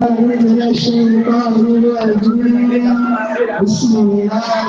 من الشيطان الرجيم بسم اخي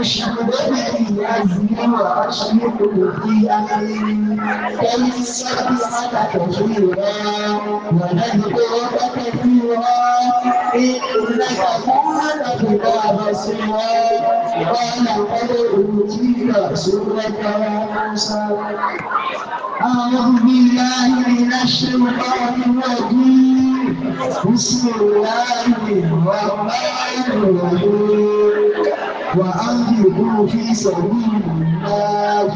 وشربتني أزمي وأشرب في كي سبحك كثيرا ونذكرك كثيرا إنك كنت بنا بصيرا قال قد أوتيت سورة موسى أعوذ بالله من الشيطان الرجيم بسم الله الرحمن الرحيم وأنفقوا في سبيل الله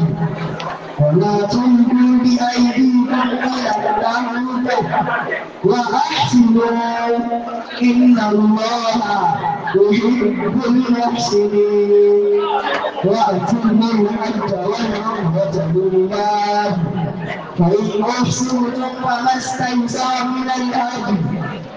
ولا تلقوا بأيديكم إلى التعنت وأحسنوا إن الله يحب المحسنين وأتم الحج والعمرة لله فإن أحسنتم فما استيسر من الأرض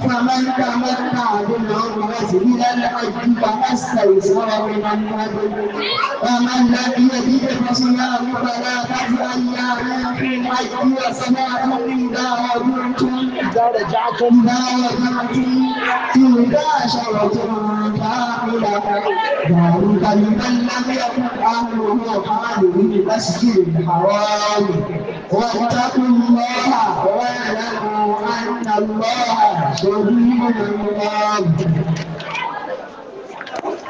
فمن تمتع بالعمرة إلى الحج فما استيسر من الهدي فمن لم يجد فصيام ثلاثة أيام في الحج وصلاة إذا رجعتم إذا رجعتم إذا شرط فاعلة ذلك لمن لم يكن أهله قالوا المسجد الحرام واتقوا الله واعلموا أن الله شديد العقاب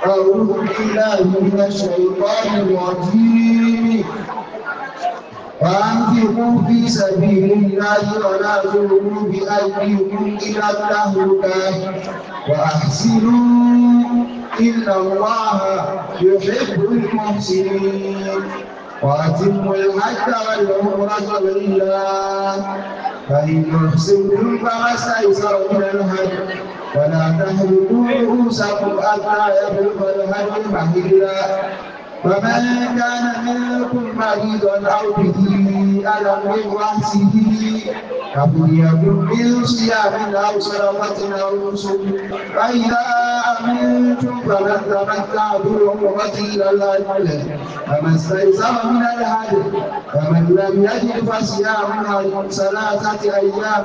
أعوذ بالله من الشيطان الرجيم وأنفقوا في سبيل الله ولا تلقوا بأيديكم إلى التهلكة وأحسنوا إن الله يحب المحسنين وأتموا الحج والعمرة لله فإن أحسنتم فما استيسر من الحج ولا تهلكوا رؤوسكم حتى يبلغ الحج محلا فمن كان منكم مريضا أو به ألم من رأسه فليكن من صيام أو صدقة أو نسك فإذا أمنتم فمن تمتع بعمرته إلى الحج فما استيسر من الهدي فمن لم يجد فصيام ثلاثة أيام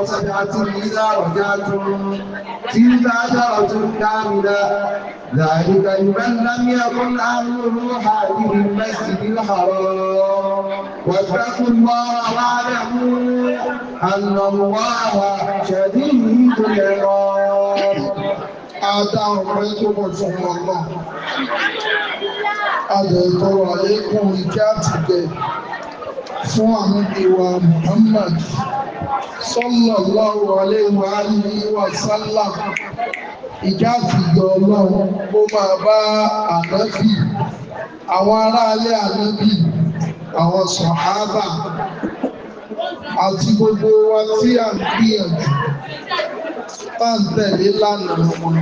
وسبعة إذا رجعتم تلك أجرة كاملة ذلك لمن لم يكن أهله حاكم المسجد الحرام واتقوا الله واعلموا أن الله شديد العقاب أتاهم بيتكم ثم الله أدعو عليكم الكاتب fún àwọn محمد صلى الله عليه وآله وسلم ìjà àtìgbà ọlọ́run ó máa bá ànábì àwọn aráalé ànábì àwọn sọ̀hábà àti gbogbo wa tí à ń gbìyànjú bá ń tẹ̀lé lánàá wọn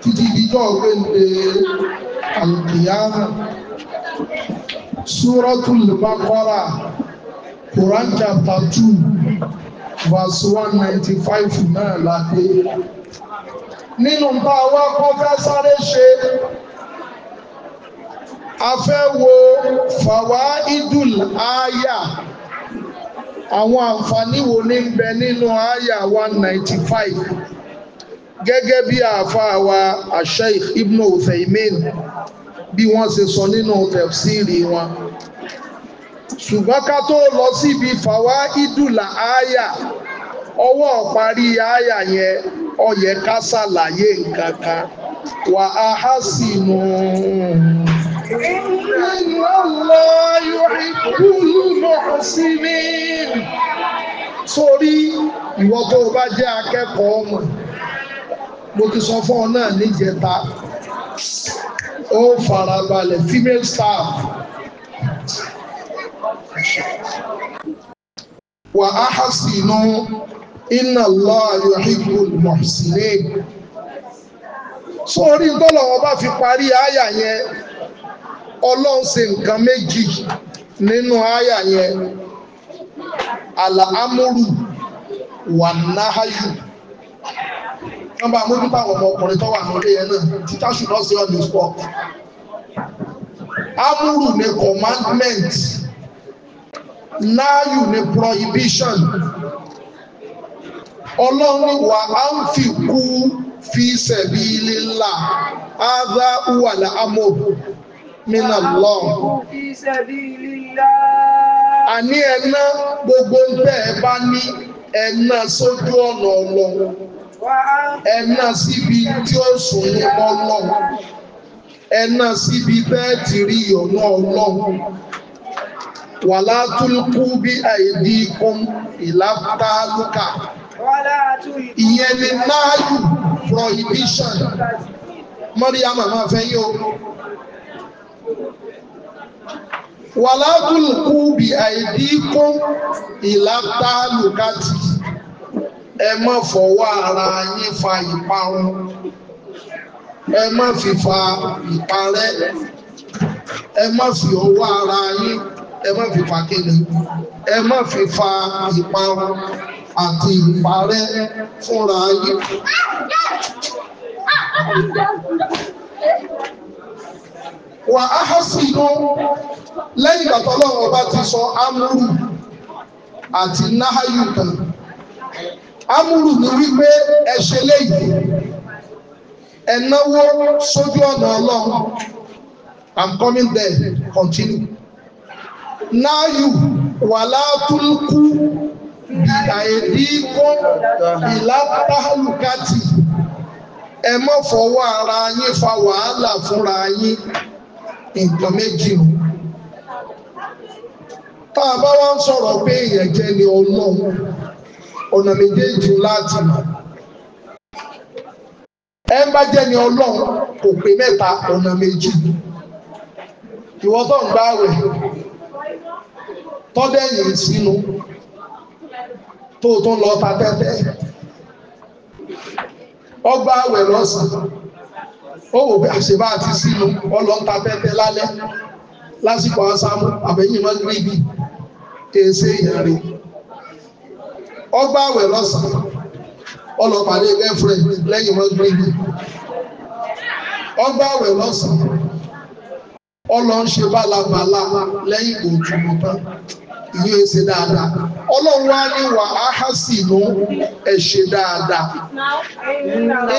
títí díjọ́ gbéǹde àlùkìyàmù Suratul Baqara Quran chapter two verse one ninety five náà la dé nínú bá wa kọ́ fẹ́ sáré ṣe a fẹ́ wo fàwa idul aya àwọn àǹfààní wo ní ń bẹ nínú aya one ninety five gẹ́gẹ́ bí àáfàá wa asheikh ibn Uthaymin bí wọ́n ṣe sọ nínú tẹ̀síìrì wọn ṣùgbọ́n ká tó lọ síbi fàwa idul aya ọwọ́ parí aya yẹn ó yẹ ká ṣàlàyé nǹkan kan wà á há sí nù. inú ọlọ yọrí kúlù náà sí mi. sórí ìwọ tó o bá jẹ́ akẹ́kọ̀ọ́ ọmọ mo ti sọ fún ọ náà níjẹta ó farabalẹ̀ female staff wà á há sí nù. iná lọ ayọ̀ higbol mọ̀sílẹ̀ sórí tọ́lọ̀ ọba fi parí àyà yẹn ọlọ́run nǹkan méjì nínú àyà yẹn àlàámúrù wà náháyù wọ́n bá mú nípa àwọn ọmọkùnrin tó wà náà títà ṣùgbọ́n sí ọ̀nà ni ọlọ́run wà á ń fi kú fi sẹ̀bi ilé ńlá ádá wà ní mínà lọ. àní ẹ̀ná gbogbo bẹ́ẹ̀ bá ní ẹ̀ná sójú ọ̀nà ọlọ́run ẹ̀ná síbi tí ó sùn ní ọlọ́run ẹ̀ná síbi bẹ́ẹ̀ ti rí ìyọ̀nà ọlọ́run ìyẹn ni náàyù prohibition mọ́ríyàmà máa fẹ́ yín o wàlátùlùkù bí àìdí kún ìlàtàlùkàtì ẹ má fọwọ́ ara yín fa ìparun ẹ má fi fa ìparẹ́ ẹ má fi ọwọ́ ara yín ẹ má fi fa ẹ má fi ìparun àti ìparẹ́ fúnra yín. Wà á há sí inú lẹ́yìn ìgbà tọ́lọ́run ọba ti sọ amúrù àti náháyù kan. Amúrù ni wípé ẹ léyìí, ẹ sójú ọ̀nà ọlọ́run. I'm coming there, continue. Náháyù wà látúlùkù bìkàìdíkó ìlàtàlùkàtì ẹ mọ́ fọwọ́ ara yín fa wàhálà fúnra yín nǹkan méjì o tá a bá wá ń sọ̀rọ̀ pé èèyàn jẹ́ ni ọlọ́run ọ̀nà méjèèjì láti mọ̀ ẹ ń bá jẹ́ ni ọlọ́run kò pé mẹ́ta ọ̀nà méjì ìwọ tó ń gbáwẹ̀ tọ́dẹ̀yìn sínú tó tún lọ ta tẹ́tẹ́ ọgbà àwẹ̀ lọ́sàn-án ó wò pé àṣebá àti sínú ọlọ́ta tẹ́tẹ́ lálẹ́ lásìkò asámú àbẹ̀yìn mọ́ gírígì èsè ìyàrí ọgbà àwẹ̀ lọ́sàn-án ọlọ́pàá ní girlfriend lẹ́yìn mọ́ gírígì ọgbà àwẹ̀ lọ́sàn ọlọ́ ń ṣe bálabàlà lẹ́yìn òjò mọ́tán ìyẹn ṣe dáadáa ọlọ́run wá ní wà á há sí inú ẹ̀ ṣe dáadáa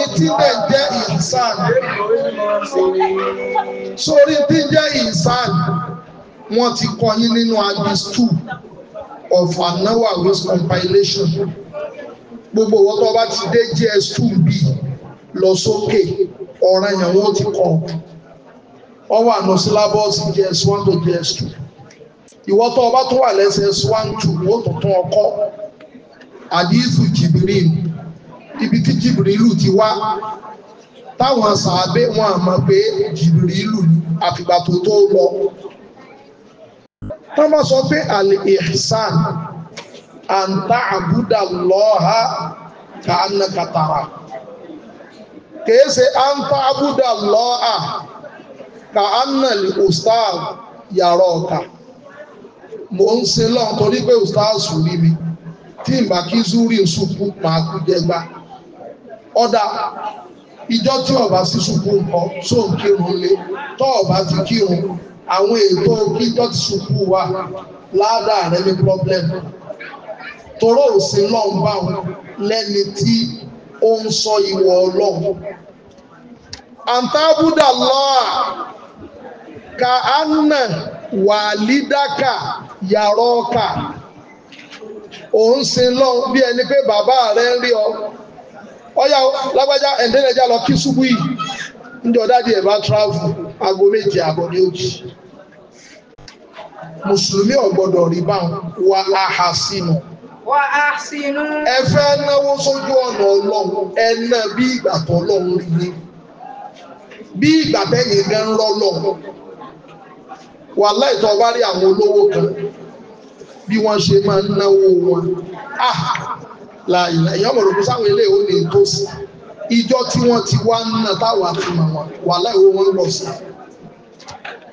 etí bẹ̀ jẹ́ ìsàn sórí tí jẹ́ ìsàn wọ́n ti kọ́ yín nínú agbis two of anawa waste compilation gbogbo wọn tó bá ti dé js two b lọ sókè ọ̀ràn yẹn wọ́n ti kọ́ ọ wà ní syllabus js one to js two ìwọ tó ọba tó wà lẹ́sẹ̀ swan tù ní ó tuntun ọkọ àdìsù jìbìrìl ibi tí jìbìrìlù ti wá táwọn sàábé wọn àmọ́ pé jìbìrìlù ni àfìgbà tó tó lọ wọ́n bá sọ pé al-ihsan an ta'budallaha ka'annaka tara kìí ṣe an ta'budallaha ka'anna al-ustaz yàrá ọ̀ka mo ń ṣe lọ́n torí pé ustaz rí mi tí ìgbà kí zuri ṣubú máa kú jẹgba ọ̀dà ìjọ tí ọba sí ṣubú nǹkan tó ń kírun lé tó ọba ti kírun àwọn ètò kíjọ ti ṣubú wa ládàá rẹ ní problem toró òsè lọ́n bá wọn lẹ́ni tí ó ń sọ ìwọ ọlọ́run àǹtábúdà lọ́à ka anna wàlídàkà yàrá ọkà òun sin lọ bí ẹni pé bàbá rẹ ń rí ọ ọyà lágbájá ẹ̀ńdẹ́rẹ́jà lọ kí ṣubú yìí ndí ọ̀dádì ẹ̀ bá tíráfù aago méje àbọ̀ ní òjì mùsùlùmí ọ̀gbọ́dọ̀ rí báwọn wà hà sínú wà á sínú ẹ fẹ́ náwó sójú ọ̀nà ọlọ́run ẹ ná bí ìgbà tó ọlọ́run rí ní bí ìgbà tẹ́yìn gan rọ́ lọ́run wà láìtọ́ wá rí àwọn olówó kan bí wọ́n ṣe máa ń náwó wọn ah láàyè èèyàn mọ̀ sáwọn ilé ìwé ní tòsí ìjọ tí wọ́n ti wá ń ná táwa ti mọ̀ wọn wà láì owó wọn lọ sí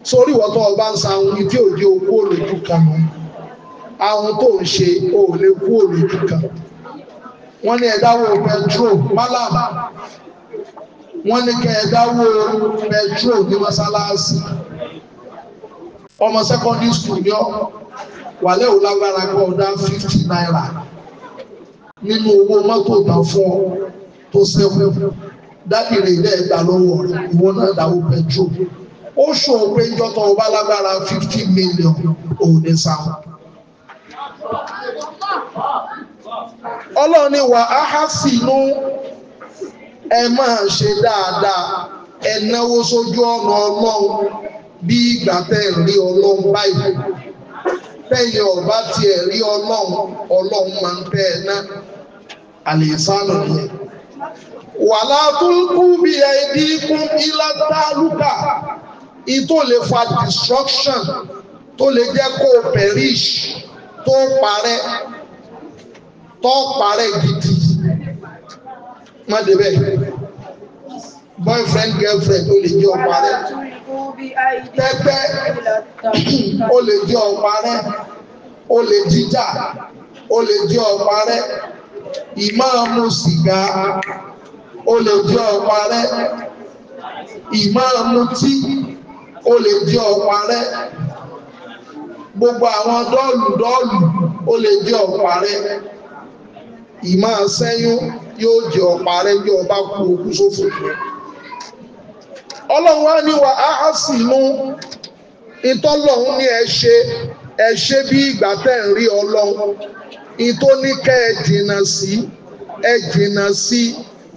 sórí ìwọ́n ọba ń sa ohun tí òde okú òlòjú kan mọ́ àwọn tó ń ṣe ò lè kú òlòjú kan wọ́n ní ẹ̀dáwó pẹtrò malam wọ́n ní kẹ́ ẹ̀dáwó pẹtrò ní mọ́sálásí ọmọ secondary school yọ wàlẹ́ ò lágbára kọ́ ọ̀dá naira nínú owó mọ́tò tà fún ọ tó sẹ́wọ́ dábì rè dẹ́ lọ́wọ́ ìwọ náà dàwọ́ pẹ̀tró ó ṣòwò pé ọba lágbára fifty million òun ní sáwọn. ọlọ́ọ̀ni wà ẹ máa ṣe ẹ náwó sójú ọ̀nà ọlọ́run. bí ìgbà tẹ́ ẹ̀ rí ọlọ́run báyìí tẹ́yìn ọba tiẹ̀ rí ọlọ́run ọlọ́run máa ń tẹ́ ẹ ná àlèsánù yẹn. wàhálà tó ń kú bí ẹbí kún ilá dálúkà ìtò lè fa destruction tó lè jẹ́ kó o perish tó parẹ́ tó parẹ́ gidi má débẹ̀ boyfriend girlfriend tó lè jẹ́ ọ ẹgbẹ́ O lè jẹ́ ọ̀pá rẹ̀ ó lè jíjà ó lè jẹ́ ọ̀pá rẹ̀ ìmáàmù sìgá ó lè jẹ́ ọ̀pá rẹ̀ ìmáàmù tí ó lè jẹ́ ọ̀pá rẹ̀ gbogbo àwọn dọ́ọ̀lù dọ́ọ̀lù ó lè jẹ́ ọ̀pá rẹ̀ ìmáà sẹ́yún yóò jẹ́ ọ̀pá rẹ̀ bí ọba kú okú sófò fún ẹ ọlọ́run wá ní wa á sì mú ìtọ́lọ́run ní ẹ ṣe ẹ ṣe bí ìgbà tẹ́ ń rí ọlọ́run ìtó ní kẹ́ ẹ jìnnà sí ẹ jìnnà sí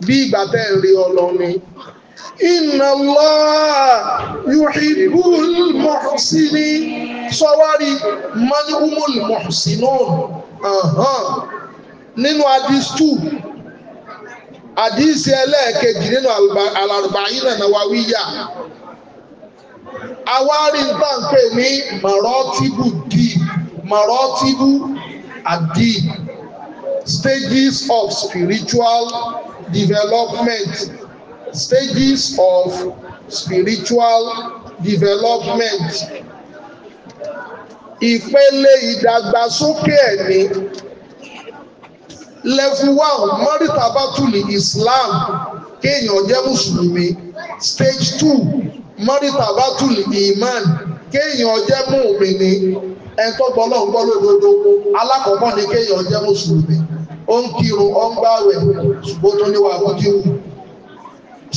bí ìgbà tẹ́ ń rí ọlọ́run ni. Inna Allah yuhibbul muhsini sọ́wárí manhumul muhsinun nínú adis 2 àdìsí ẹlẹ́ẹ̀kejì nínú alàrùbáyìn náà wà wíyà àwárí gbàǹpé ní mọ̀rọ́tìbù di mọ̀rọ́tìbù àdì stages of spiritual development stages of spiritual development ìpele ìdàgbàsókè ẹ̀mí level one mọ́rítà bátùlì Islam kéèyàn jẹ́ mùsùlùmí stage two mọ́rítà bátùlì iman kéèyàn jẹ́ mùmìnì ẹ̀ńtọ́ gbọ́lọ́ ń gbọ́ lódodo alákọ̀ọ́kọ́ ni kéèyàn jẹ́ mùsùlùmí ó ń kírun ó ń gbàwẹ̀ ṣùgbọ́n tó níwà àbójúwò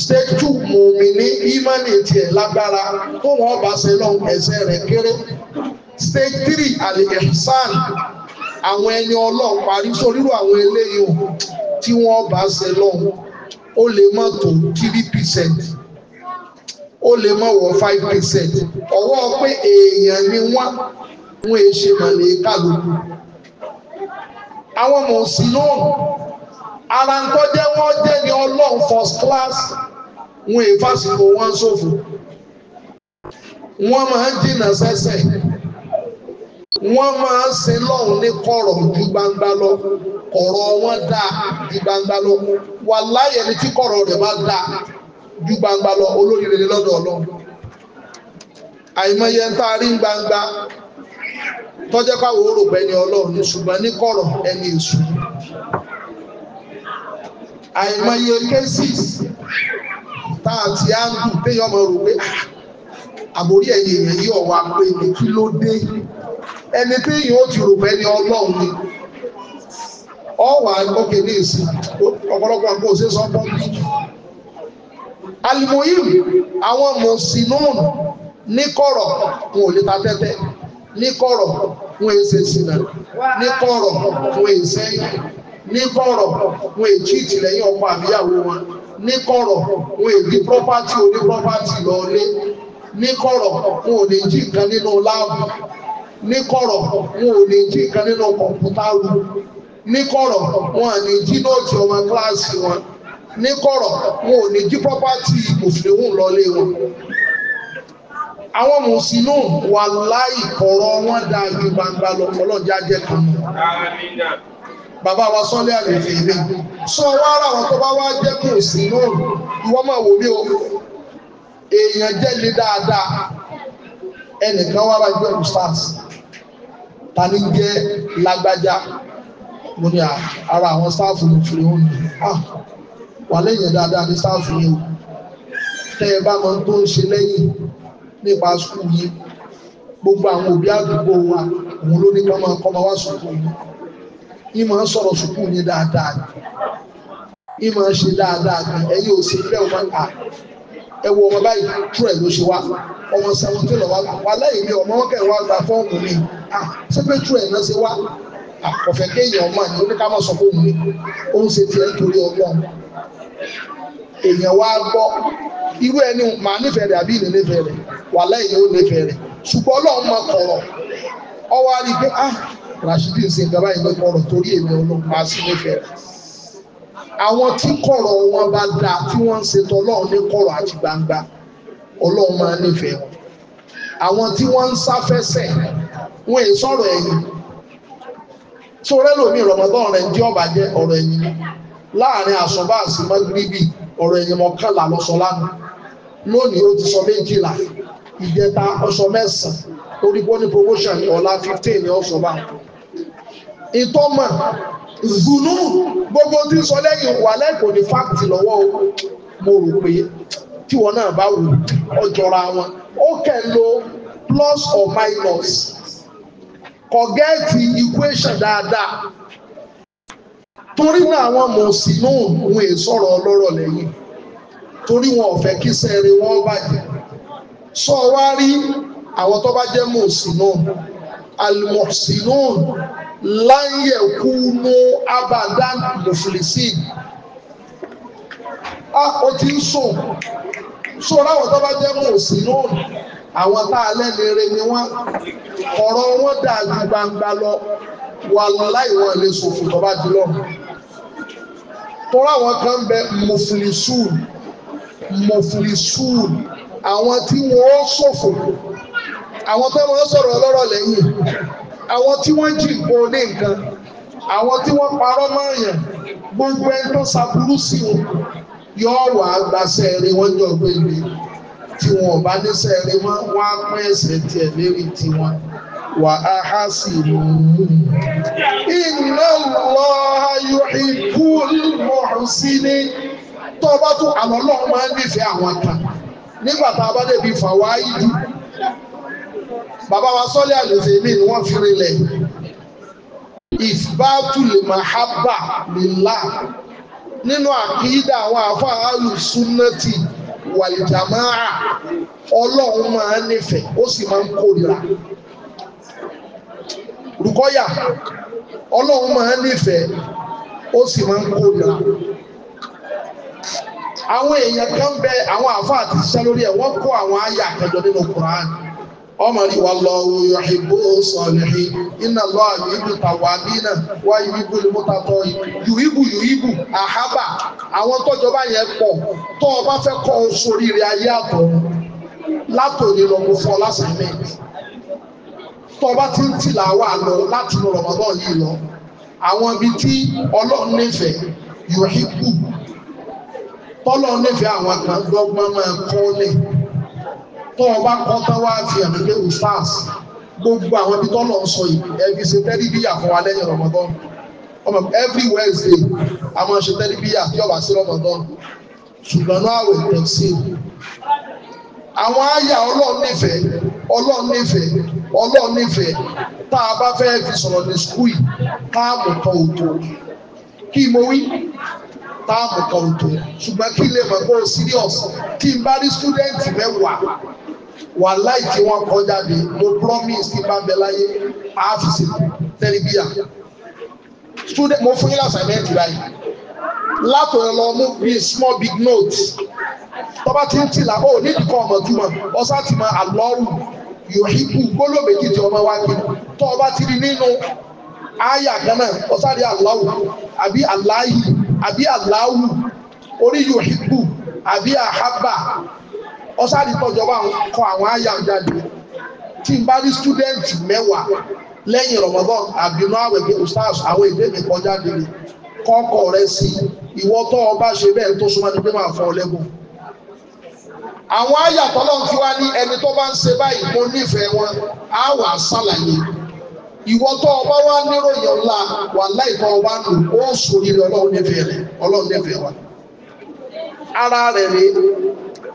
stage two mùmìnì imani tiẹ̀ lágbára tó wọ́n bá ṣe lọ́hùn ẹ̀ṣẹ̀ rẹ̀ kéré stage three al àwọn ẹni ọlọ́run parí sórírò àwọn eléyìí o tí wọ́n bá ṣe lọ́hùn ó lè mọ̀ tó three percent ó lè mọ̀ wọ five percent ọwọ́ pé èèyàn ni wọ́n wọ́n è ṣe mọ̀lẹ́ kálukú àwọn mọ̀sílọ́ọ̀nù ara ń tọ́jẹ́ wọ́n jẹ́ ni ọlọ́run first class wọ́n è fásitì wọn ṣòfò wọ́n máa ń jìnnà sẹ́sẹ̀. wọ́n máa ń sin lọ́hùn ní kọ̀rọ̀ ju gbangba lọ kọ̀rọ̀ wọn dà ju gbangba lọ wà láyé ní tí kọ̀rọ̀ rẹ̀ bá dà ju gbangba lọ olóríire ni lọ́dọ̀ ọlọ́run àìmọye ń tá a rí gbangba tọ́jẹ́ pàwọ́ òrò pẹ́ni ọlọ́run ṣùgbọ́n ní kọ̀rọ̀ ẹni èṣù àìmọye cases tá a ti á ń dùn téèyàn mọ̀ rò pé ah, àbórí ẹ̀yìn èèyàn ọ̀wà pé kí ẹni tí yóò ti rò ní ọlọ́run ni ọwà òkè ní ìsìn ọ̀pọ̀lọpọ̀ àpò òṣè sọ pọ́ alimoyim àwọn ní kọ̀rọ̀ wọn ò lè ta tẹ́tẹ́ ní kọ̀rọ̀ wọn èsè ní kọ̀rọ̀ wọn èsè ní kọ̀rọ̀ wọn èjì ìtìlẹ́yìn ní kọ̀rọ̀ wọn ò ní jí nǹkan nínú kọ̀ǹpútà rú ní kọ̀rọ̀ wọn à ní jí nóòtì ọmọ kíláàsì wọn ní kọ̀rọ̀ wọn ò ní jí pọ́pátì mùsùlùmí lọ́lé wọn. àwọn mùsùlùmí wà láì kọ̀rọ̀ wọn dáa ju gbangba lọ ọlọ́jà jẹ́ kan. bàbá wa sọ́lé àlèfè ilé sọ wá ara àwọn tó bá wá jẹ́ mùsùlùmí ìwọ́n máa wò ní o èèyàn jẹ́ lé dáadáa ẹnìkan wá wá gbé ọ̀rùn ta ní jẹ́ lágbájá mo ní ah, ara àwọn sáàfù mi fìrí òun ni ah, wà lẹ́yìn dáadáa ní sáàfù yìí o ẹ bá mọ tó ń ṣe lẹ́yìn nípa sùkúù yìí gbogbo àwọn òbí àdúgbò wa òun ló ní kọ́ máa kọ́ máa wá sùkúù yìí yìí máa ń sọ̀rọ̀ sùkúù yìí dáadáa yìí máa ń ṣe dáadáa gan ẹ̀yìn ò sí fẹ́ wọn kà ah, ẹ wo ọmọ báyìí tú ẹ̀ ló ṣe wá ọmọ sẹ́wọ́n tó lọ wá wà lẹ́yìn mi ọmọ wọn gba fọ́ọ̀mù mi ṣé pétrú ẹ̀ náà ṣe wá ọ̀fẹ́ ah, kéèyàn ọmọ ẹ̀ ní ká mọ̀ sọ fóun ni ó ń ṣe tiẹ̀ nítorí ọgbọ́n èèyàn wá gbọ́ irú ẹni màá nífẹ̀ẹ́ rẹ̀ àbí ìlẹ̀ nífẹ̀ẹ́ rẹ̀ wà lẹ́yìn ó nífẹ̀ẹ́ rẹ̀ ṣùgbọ́n ọlọ́run mọ kọ̀rọ̀ ọwọ́ á rí i pé ah Rashidi ń ṣe nǹkan báyìí ló kọ̀rọ̀ torí èmi ọlọ́run máa sí nífẹ̀ẹ́ rẹ̀ àwọn tí kọ̀rọ̀ wọn bá dáa tí wọ́n ń ṣètò ọlọ́run ní kọ̀rọ̀ àti gbangba ọlọ́run máa nífẹ̀ẹ́ wọn àwọn tí wọ́n ń sáfẹ́sẹ̀ wọn è sọ̀rọ̀ ẹ̀yìn tí ó rẹ́lòmí rọmọdán rẹ̀ jẹ́ ọ̀bà jẹ́ ọ̀rọ̀ ẹ̀yìn láàrin àsọ̀bá àti mọ́gíríbì ọ̀rọ̀ ẹ̀yìn mọ́kànlá lọ́sọ lánàá lónìí ó ti sọ méjìlá ìjẹta ọsọ mẹ́sàn-án orígbó ní promotion ọ̀la fifteen ní ọ̀sọ̀ bá ìtọ́mọ̀ zùnú gbogbo tí ń sọ lẹ́yìn wà lẹ́kọ̀ọ́ ní fáàkì lọ́wọ́ mo rò pé tí wọn náà bá wù ọjọ́ra wọn ó kẹ́ lo plus or minus kò gẹ́ẹ̀tì equation dáadáa torí náà àwọn mọ̀ọ́sínú òun è sọ̀rọ̀ ọlọ́rọ̀ lẹ́yìn torí wọn ò fẹ́ kí sẹ́ẹ̀rẹ̀ wọn bàjẹ́ sọ wá rí àwọn tó bá jẹ́ mọ̀ọ́sínú àlùmọ̀ọ́sínú láyé kúnú abadan mufilisi a ah, ó ti ń sùn sọ láwọn tó bá jẹ́ mọ̀ọ́sínú àwọn tá a lẹ́nu eré ni wọ́n ọ̀rọ̀ wọn dà ju gbangba lọ wà láì wọn lè sòfò tó bá jùlọ. tọ́lá àwọn kan ń bẹ mọ̀fìlìsùn mọ̀fìlìsùn àwọn tí wọ́n sòfò àwọn tó máa ń sọ̀rọ̀ ọlọ́rọ̀ lẹ́yìn àwọn tí wọ́n jí nǹkan ní nǹkan àwọn tí wọ́n parọ́ máa yàn gbogbo ẹni tó ṣàbùrú sí wọn yọ wà á gbàṣẹ́ rí wọ́n jọ gbé gbé tí wọn ò bá ní sẹ́ẹ̀rẹ́ wọn wọn á pín ẹsẹ̀ tiẹ̀ lérí tiwọn wà á há sí i lòun. inna Allaha yuhibbul muhsinin tó o bá tún àlọ́ náà máa ń nífẹ̀ẹ́ àwọn kan nígbà tá a bá débi fàwáìdì bàbá wa sọ́lé àlèfè mi ni wọ́n fi rinlẹ̀ ìfibátù lè máa hábà lè là nínú àkídà àwọn àfáà alùsùn náà ti wàlìjàmáà ọlọ́run máa ń nífẹ̀ẹ́ ó sì máa ń kórìíra rúkọ́yà ọlọ́run máa ń nífẹ̀ẹ́ ó sì máa ń kórìíra àwọn èèyàn kan bẹ àwọn àfáà ti ṣiṣẹ́ lórí ẹ̀ wọ́n kó àwọn àyà àkẹjọ nínú kùránì ọmọ rí wà lọ yọ̀hìbó sọ̀lẹ̀hì iná lọ ìbù tàwà nínà wá ìbù lùmútàtọ̀ yùíbù yùíbù àhábà àwọn tọ́jọba yẹn pọ̀ tó o bá fẹ́ kọ́ sórí rẹ̀ ayé àtọ̀ látòní lọ́mọ fún ọ lásàmẹ́ẹ̀tì tó o bá ti ń tìlà wà lọ láti inú rọ̀mọ́dọ́ yìí lọ àwọn ibi tí ọlọ́run nífẹ̀ẹ́ yọ̀hìbù tọ́lọ́run nífẹ̀ẹ́ àwọn kan lọ́gbọ́n máa kọ́ lẹ́yìn tó o bá kọ́ tán wá ti ẹ̀mí pé ustaz gbogbo àwọn ibi tọ́lọ̀ ń sọ ẹbí ṣe tẹ́lifíyà fún wa lẹ́yìn Ramadan ọmọ every Wednesday a máa ṣe tẹ́lifíyà tí ọba sí Ramadan ṣùgbọ́n náà àwẹ̀ tẹ̀ sí i àwọn àyà ọlọ́run nífẹ̀ẹ́ ọlọ́run tá a bá fẹ́ fi sọ̀rọ̀ ní skul táàmù kan òtò kí mo wí táàmù kan òtò ṣùgbọ́n kí lè mọ̀ pé o serious kí n bá rí wàláì tí wọ́n kọ́ jáde mo promise kí n bá bẹ láyé àfìsì tẹ́lifíà student mo fún yín assignment báyìí látọ̀rọ̀ lọ mú bí small big note tọ́ba tí ń tìlà ó nídìí kan ọmọ túmọ̀ ọ̀sá ti mọ àlọ́rù yòókù gbólóbèjì tí ọmọ wa gbé tọ́ba ti rí nínú àyà kan náà ọ̀sá rí àlọ́rù àbí àláyì àbí àláwù orí yòókù àbí àhábà ọ̀sáàdì tọ́jọba kọ àwọn àyà jáde tí n bá rí stúdẹ̀ǹtì mẹ́wàá lẹ́yìn Ramadan àbínú àwẹ̀ pé ustaz àwọn èdè mi kọ jáde ni kọ́kọ́ rẹ sí ìwọ tó o bá ṣe bẹ́ẹ̀ tó súnmọ́ ni pé máa fọ́ ọ lẹ́gùn. àwọn àyà tọ́lọ́n ti wá ní ẹni tó bá ń ṣe báyìí mo nífẹ̀ẹ́ wọn á wà á ṣàlàyé ìwọ tó o bá wá níròyìn ọ̀la wà láì tó o bá lò ó sòrí ọlọ́run nífẹ̀ẹ́ rẹ̀ ọlọ́run nífẹ̀ẹ́ wa. ara rẹ̀ rèé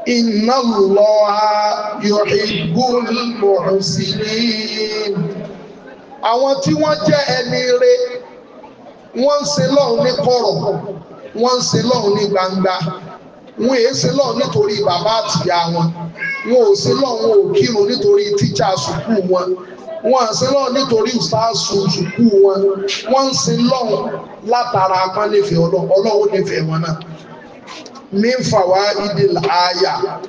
إن الله يحب المحسنين àwọn tí wọ́n jẹ́ ẹni re wọn ń ṣe lọ́hùn ní kọ̀rọ̀ wọn ń ṣe lọ́hùn ní gbangba wọn èé ṣe lọ́hùn nítorí bàbá àtìyá wọn wọn ò ṣe lọ́hùn ò nítorí tíjà wọn wọn si ṣe lọ́hùn nítorí ìsáàsù sùkúù wọn wọ́n ń ṣe látara wọn náà. mínfàwá idil aya.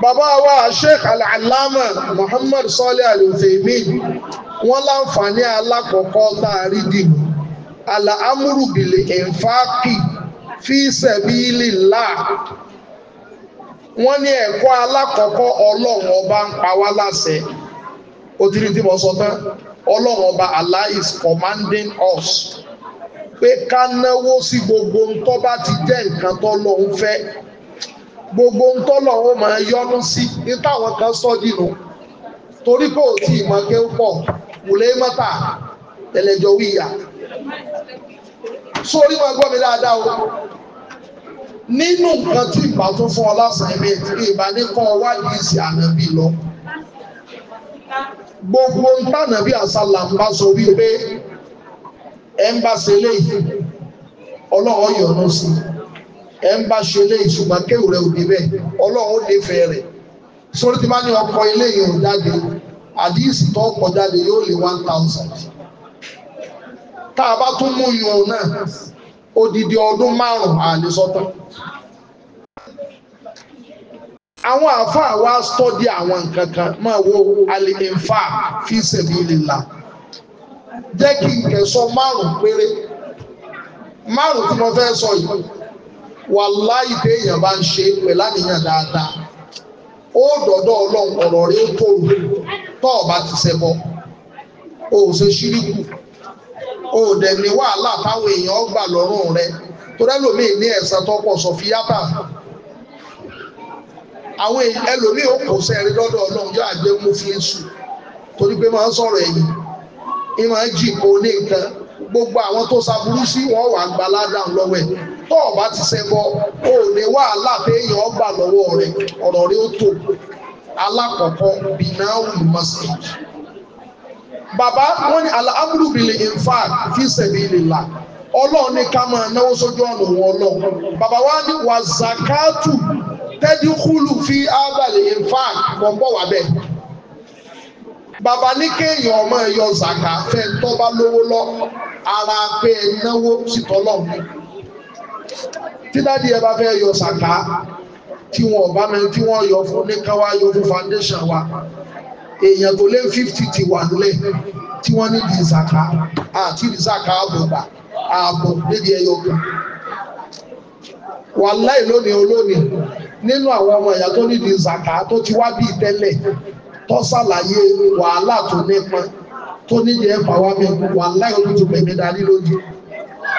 bàbá wa sheikh al-allama muhammad salih al-uthaymin wọ́n láǹfààní alákọ̀ọ́kọ́ láàrí dìgbò alàámúrù bìlẹ̀ ẹ̀ǹfààkì fi sẹ̀bílì láà wọ́n ní ẹ̀kọ́ alákọ̀ọ́kọ́ ọlọ́run ọba ń pa wá láṣẹ ó ti rí tí mo sọ tán ọlọ́run ọba Allah is commanding us pé ká náwó sí gbogbo ntọ́ bá ti jẹ́ nǹkan tó lọ́hún fẹ́ gbogbo ntọ́ lọ́hún máa yọ́nú sí ní táwọn kan sọ dìnnú torí pé òtí ìmọ̀ké ń pọ̀ wùlé mọ́tà ẹlẹ́jọ́ wíyà sórí wọn gbọ́ mi dáadáa o nínú nǹkan tí ìgbà tó fún ọ lásán ẹ̀mí ìgbà ní kọ́ ọ ànábì lọ gbogbo ntànàbí àsálà ń sọ wípé ẹ̀ ń bá ṣe léyìí ọlọ́run ó yọ́nú sí ẹ̀ ń bá ṣe léyìí ṣùgbọ́n kéwù rẹ̀ ò dé bẹ́ẹ̀ ọlọ́run ó nífẹ̀ẹ́ rẹ̀ sórí tí bá ní ọkọ̀ eléyìí ò jáde àdíìsì tó ọkọ̀ jáde yóò lé one thousand tá a bá tún mú yun náà odidi ọdún márùn-ún àlesọ́tọ̀ àwọn àáfàá wa stọ́dí àwọn nǹkan kan máa wo alẹ́ nfa fi sabilillah jẹ́ kí n kẹ̀ sọ márùn-ún péré márùn-ún tí mo fẹ́ sọ yìí wàláì téèyàn bá ń ṣe pẹ̀lú àníyàn dáadáa ó dọ̀dọ̀ ọlọ́run ọ̀rọ̀ rí ó tóru tó ọba ti ṣẹbọ o ò ṣe ṣíríkù o ò dẹ̀ ní wàhálà táwọn èèyàn gbà lọ́rùn rẹ torí ẹlòmíì ní ẹ̀san tó pọ̀ sọ fíyàtà àwọn ẹlòmíì ó kò sẹ́rí lọ́dọ̀ ọlọ́run yóò àgbẹ̀ mú fílẹ̀ sùn torí pé máa ń sọ̀rọ̀ ẹ̀yìn ìmọ̀ ji ní nǹkan gbogbo àwọn tó ṣaburú sí wọn wà gba ládàá lọ́wọ́ ẹ̀ tó o bá ti ṣẹbọ o ò ní wàhálà pé èèyàn gbà lọ́wọ́ rẹ̀ ọ̀rọ̀ rẹ̀ ó tó alákọ̀ọ́kọ́ bìnnáwó mọ́síkì bàbá wọn ni alábùrùbìlì infaq fi sabilillah ọlọ́run ní ká máa náwó sójú ọ̀nà òun ọlọ́run bàbá wa ní wàzàkátù tẹ́díkùlù fi ábàlì infaq mọ̀ ń bẹ́ẹ̀. bàbá ní kéèyàn ọmọ ẹ̀yọ zàkà fẹ́ tó bá lówó lọ ara pé ẹ náwó sìtọ́ lọ́mù tí dádì ẹ bá fẹ́ yọ zàkà tí wọn ọba mẹ tí wọn yọ fún ní káwá yọ fún foundation wa èèyàn tó lé fifty ti wà nílẹ̀ tí wọ́n ní di zàkà àti di zàkà ààbò gbà ààbò níbi ẹ̀yọ kan wàláì lónìí olónìí nínú àwọn ọmọ ìyá tó ní di zàkà tó ti wá bíi tẹ́lẹ̀ tó wàhálà tó nípa tó nídìí ẹ̀fà wa mi wàhálà ìlú tó bẹ̀mí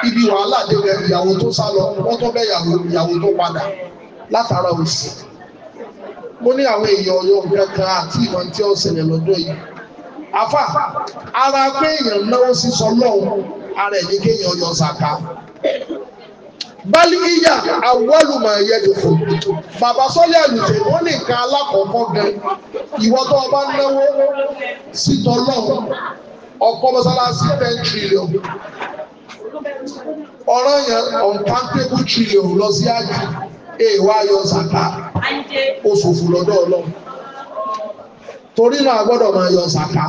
ibi wàhálà débẹ̀ ìyàwó tó sá lọ wọ́n tó ìyàwó tó padà látara òsì mo ní àwọn èèyàn ọyọ àti tí ó afa ara pé èèyàn náwó sísọ ara ẹ̀ ní kéèyàn yọ bali iya awaluma yẹjọfọ bàbá sọlẹ àlùjẹ wọn nìkan alákọọkọ gan ìwọ tó ọba náwó sítọ lọhùn ọkọ mọ́sálásí ten trillion ọ̀rọ̀ yẹn unpackable trillion lọ sí àjù èèwọ̀ ayọ̀ sàkà oṣooṣù lọ́dọ̀ Ọlọ́run torí náà a gbọ́dọ̀ máa yọ sàkà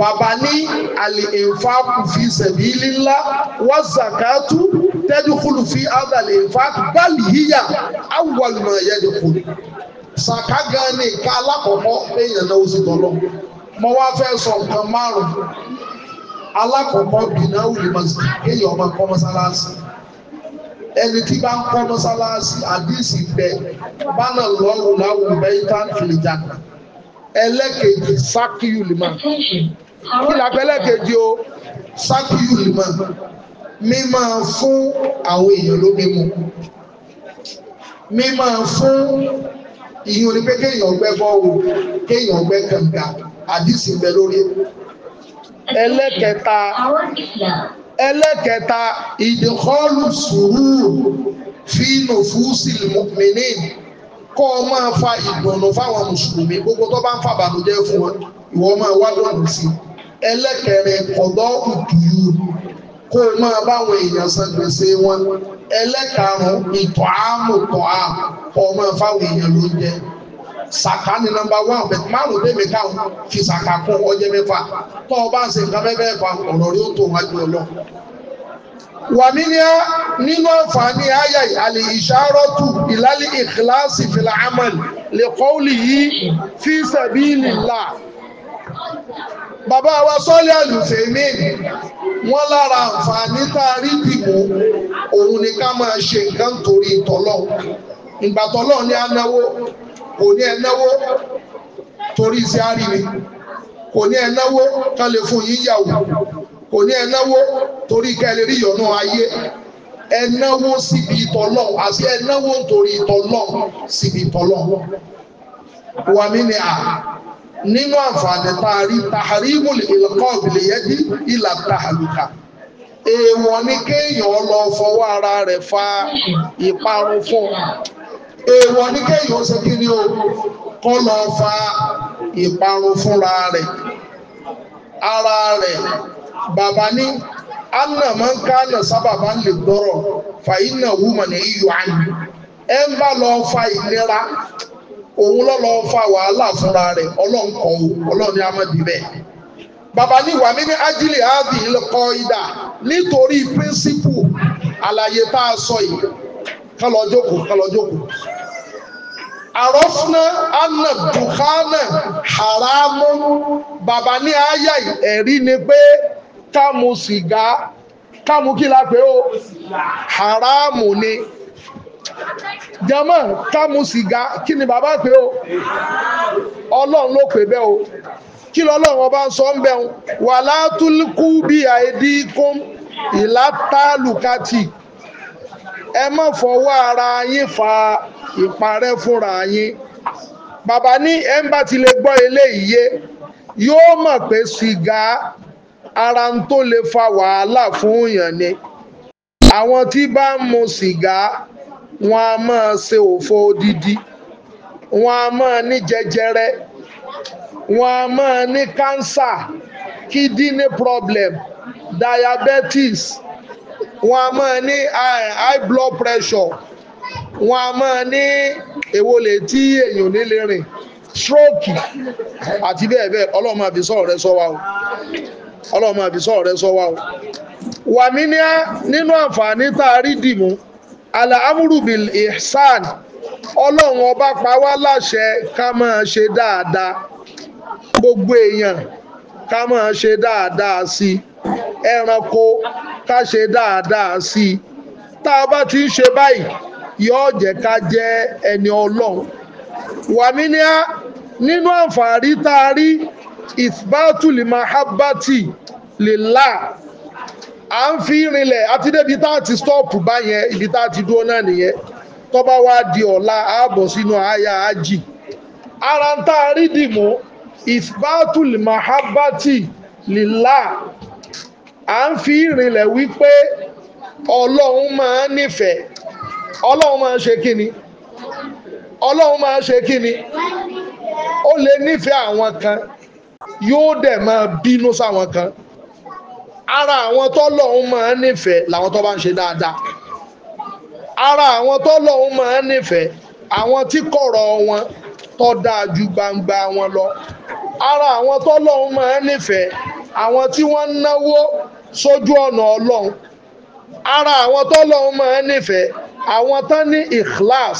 bàbá ní àlè ìfàkù fi sẹ̀bí lílá wọ́n zakatu tẹ́dúkúlù fi àdàlẹ̀ ìfàkù báàlì yíyà awàlùmọ̀ ẹ̀yẹ́dẹ̀kù sàkà gan ni ìka alákọ̀ọ́kọ́ èèyàn náà ó sì tọ́lọ́ mo wá fẹ́ sọ nǹkan márùn-ún alákọ̀ọ́kọ́ bìnnà òlì màsíkì kéèyàn ọmọ ẹ̀kọ́ mọ́sálásí ẹni tí bá ń kọ́ mọ́sálásí àdìsí bẹ́ẹ̀ bá náà lọ́rùn láwùjọ bẹ́ẹ̀ tán fìlìjà kan ẹlẹ́kejì sákìyù lìmọ̀ kí lápẹ́ ẹlẹ́kejì o sákìyù lìmọ̀ mímọ́ fún àwọn èèyàn lómi mu mímọ́ fún ìyún ni pé kéèyàn gbẹ́ bọ́ọ̀wù kéèyàn gbẹ́ kànga àdìsí bẹ lórí ẹlẹ́kẹta ẹlẹ́kẹta ìdíkọ́lù sùúrù fínú fúsìlì mùmínín kọ́ ọ máa fa ìdùnnú fáwọn mùsùlùmí gbogbo tó bá ń fàbànújẹ́ fún wọn ìwọ máa wá dùnnú sí i ẹlẹ́kẹrin ọ̀dọ́ ìdùnnú kó o máa báwọn èèyàn san gbèsè wọn ẹlẹ́karùn-ún ìtọ̀ àmù tọ̀ à kọ́ ọ máa fáwọn èèyàn ló ń jẹ sàkà ni nọ́mbà wán bẹ́ẹ̀ márùn bẹ́ẹ̀ mi káwọn fi sàkà kún ọjọ́ mẹ́fà tó o bá ń ṣe nǹkan bẹ́ẹ̀ bẹ́ẹ̀ fa ọ̀rọ̀ rí tó wájú ọlọ́run wàmí ni a nínú àǹfààní àyà àlè ìṣàrọ́tù ìlàlẹ̀ ìkìláàsì fìlà amal lè kọ́ọ̀lì yìí fi sabilillah. bàbá wa sọ́lé àlùfèémì wọ́n lára àǹfààní tá a rí dìbò òun ni ká máa ṣe nǹkan torí tọ́lọ́ ìgbà tọ́lọ́ ni a kò ní ẹ torí sí àríwí kò ní ẹ náwó fún yíyàwó kò ní ẹ torí ká ẹ lè rí ìyọ́nú ayé ẹ náwó síbi ìtọ́lọ́ àti ẹ náwó nítorí ìtọ́lọ́ síbi ìtọ́lọ́ wà mí ni à nínú àǹfààní tààrí tààrímù ìlọ́kọ́ ìbìlẹ̀yẹ́dì ìlà tààlùkà èèwọ̀ ni kéèyàn lọ fọwọ́ ara rẹ̀ fa ìparun fún èèwọ̀ ni kéèyàn ṣe kí ni o kọ́ lọ fa ìparun fúnra rẹ̀ ara rẹ̀ bàbá ní anna man kana sábàbá lè dọ́rọ̀ fàyínà woman iyọ̀ àná ẹ ń bá lọ fa ìlera òun lọ lọ fa wàhálà fúnra rẹ̀ ọlọ́run kọ̀ ọ́ ọlọ́run ní amadi bẹ́ẹ̀ bàbá ní wàmí ní ajílẹ̀ ábì ńlọkọ ìdá nítorí píríncípù àlàyé tá a sọ yìí kálọ̀jókòó kálọ̀jókòó àrọ́fúnná anna dùkánà haramu bàbá ní àyà ẹ̀rí ni pé ká mu sìgá ká mu kí la pé ó haramu ni jama ká mu sìgá kí ni bàbá pé ó ọlọ́run ló pè bẹ́ẹ̀ o kí lọ́lọ́run ọba sọ ń bẹ̀ wọn wà látúkú bí àìdí kún ìlátàlùkàtì ẹ má fọwọ́ ara yín fa ìparẹ́ fúnra yín bàbá ní ẹ ń bá ti lè gbọ́ eléyìí yé yóò mọ̀ pé sìgá ara ń tó lè fa wàhálà fún èèyàn ni àwọn tí bá ń mu sìgá wọn a máa ṣe òfò odidi wọn a máa ní jẹjẹrẹ wọn a máa ní kánsà kídínì problem diabetes wọn a máa ní high blood pressure wọn a máa ní èwo tí èèyàn nílé rìn stroke àti bẹ́ẹ̀ bẹ́ẹ̀ ọlọ́run máa fi sọ̀rọ̀ rẹ sọ wa o ọlọ́mọ àbísọ̀ rẹ sọ wa o wà mí ní nínú àǹfààní tá a rí dìmú alahamurubil ihsan ọlọ́run ọba pa wá láṣẹ ká máa ṣe dáadáa gbogbo èèyàn ká máa ṣe dáadáa sí ẹranko ká ṣe dáadáa sí tá a bá ti ń ṣe báyìí yóò jẹ́ ká jẹ́ ẹni ọlọ́run wàmí ní nínú àǹfààní tá a rí ìfbátù lè máa hábàtì lè là à ń fi rinlẹ̀ àti débi tá a ti stọ́ọ̀pù báyẹn ibi tá a ti dúró náà nìyẹn tó bá wá di ọ̀la ààbọ̀ sínú àyà ájì ara ń tá a rí dìmọ́ ìfbátù lè máa hábàtì lè là à ń fi rinlẹ̀ wípé ọlọ́run máa nífẹ̀ẹ́ ọlọ́run máa ṣe kí ọlọ́run máa ṣe kí ó lè nífẹ̀ẹ́ àwọn kan yóò dẹ̀ máa bínú sáwọn kan ara àwọn tọ́lọ́hún máa ń nífẹ̀ẹ́ làwọn tó bá ń ṣe dáadáa ara àwọn tọ́lọ́hún máa ń nífẹ̀ẹ́ àwọn tí kọ̀rọ̀ wọn tó dáa ju gbangba wọn lọ ara àwọn tọ́lọ́hún máa ń nífẹ̀ẹ́ àwọn tí wọ́n ń náwó sójú ọ̀nà ọlọ́run ara àwọn tọ́lọ́hún máa ń nífẹ̀ẹ́ àwọn tán ní ikhlas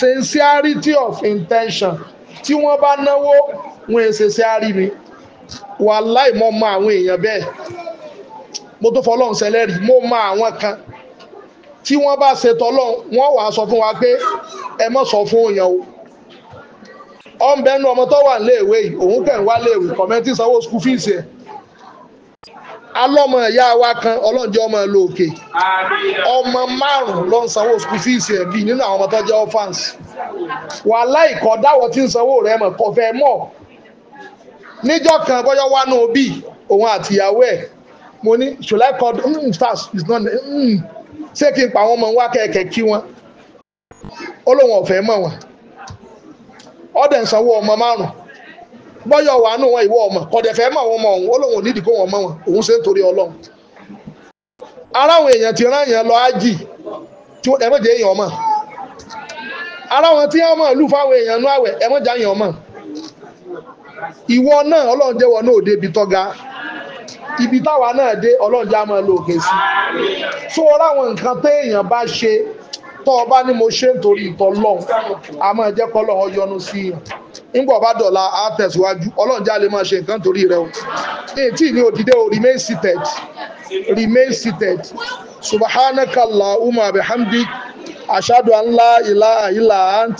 sincerity of intention tí wọ́n bá náwó wọ́n ẹ̀ ṣe ṣe àárí mi wàláì mo mọ àwọn èèyàn bẹ́ẹ̀ mo tó fọlọ́run sẹlẹ́rì mo mọ àwọn kan tí wọ́n bá ṣe tọ́lọ́run wọ́n wàá sọ fún wa pé ẹ mọ̀ sọ fún òyàn o ọ̀nbẹ́nu ọmọ tó wà léèwé yìí òun kẹ̀ ń wá léèwé kọ̀mẹ́ntì sanwó skul fíìsì ẹ̀ alọ́mọ ẹ̀yà wa kan ọlọ́njẹ́ ọmọ ẹ̀ lóòkè ọmọ márùn-ún ló ń sanwó skul fíìsì ẹ̀ bíi nínú àwọn ọmọ tó jẹ́ orphans wàláì kọ́ dáwọ̀ tí ń sanwó rẹ̀ mọ̀ kọ̀fẹ́ mọ́ níjọ kan bọ́yọ́ wà ní bí òun àti ìyàwó ẹ mo ní mm, stars is not mm, ṣé kí n pa àwọn ọmọ wa kí wọn ó lóun wọn ọdẹ ń ọmọ márùn bọ́yọ̀ wà ní wọn ìwọ ọmọ kọ̀dẹ̀fẹ́ òun ó lóun kó wọn ṣe ń torí aráwọn èèyàn ti rán yẹn lọ ájì tí ọmọ aráwọn tí lù fáwọn ìwọ náà ọlọ́run jẹ́wọ́ náà òde tọ́ga ibi táwa náà dé ọlọ́run já máa lo òkè sí tó ráwọn nǹkan téèyàn bá ṣe tọ́ ọba ni mo ṣe nítorí ìtọ́ lọ́hùn a máa jẹ́ kọ́ lọ́hùn yọnu sí i ńgbọ̀ bá dọ̀la á tẹ̀síwájú o ni remain seated remain seated ashadu anla ant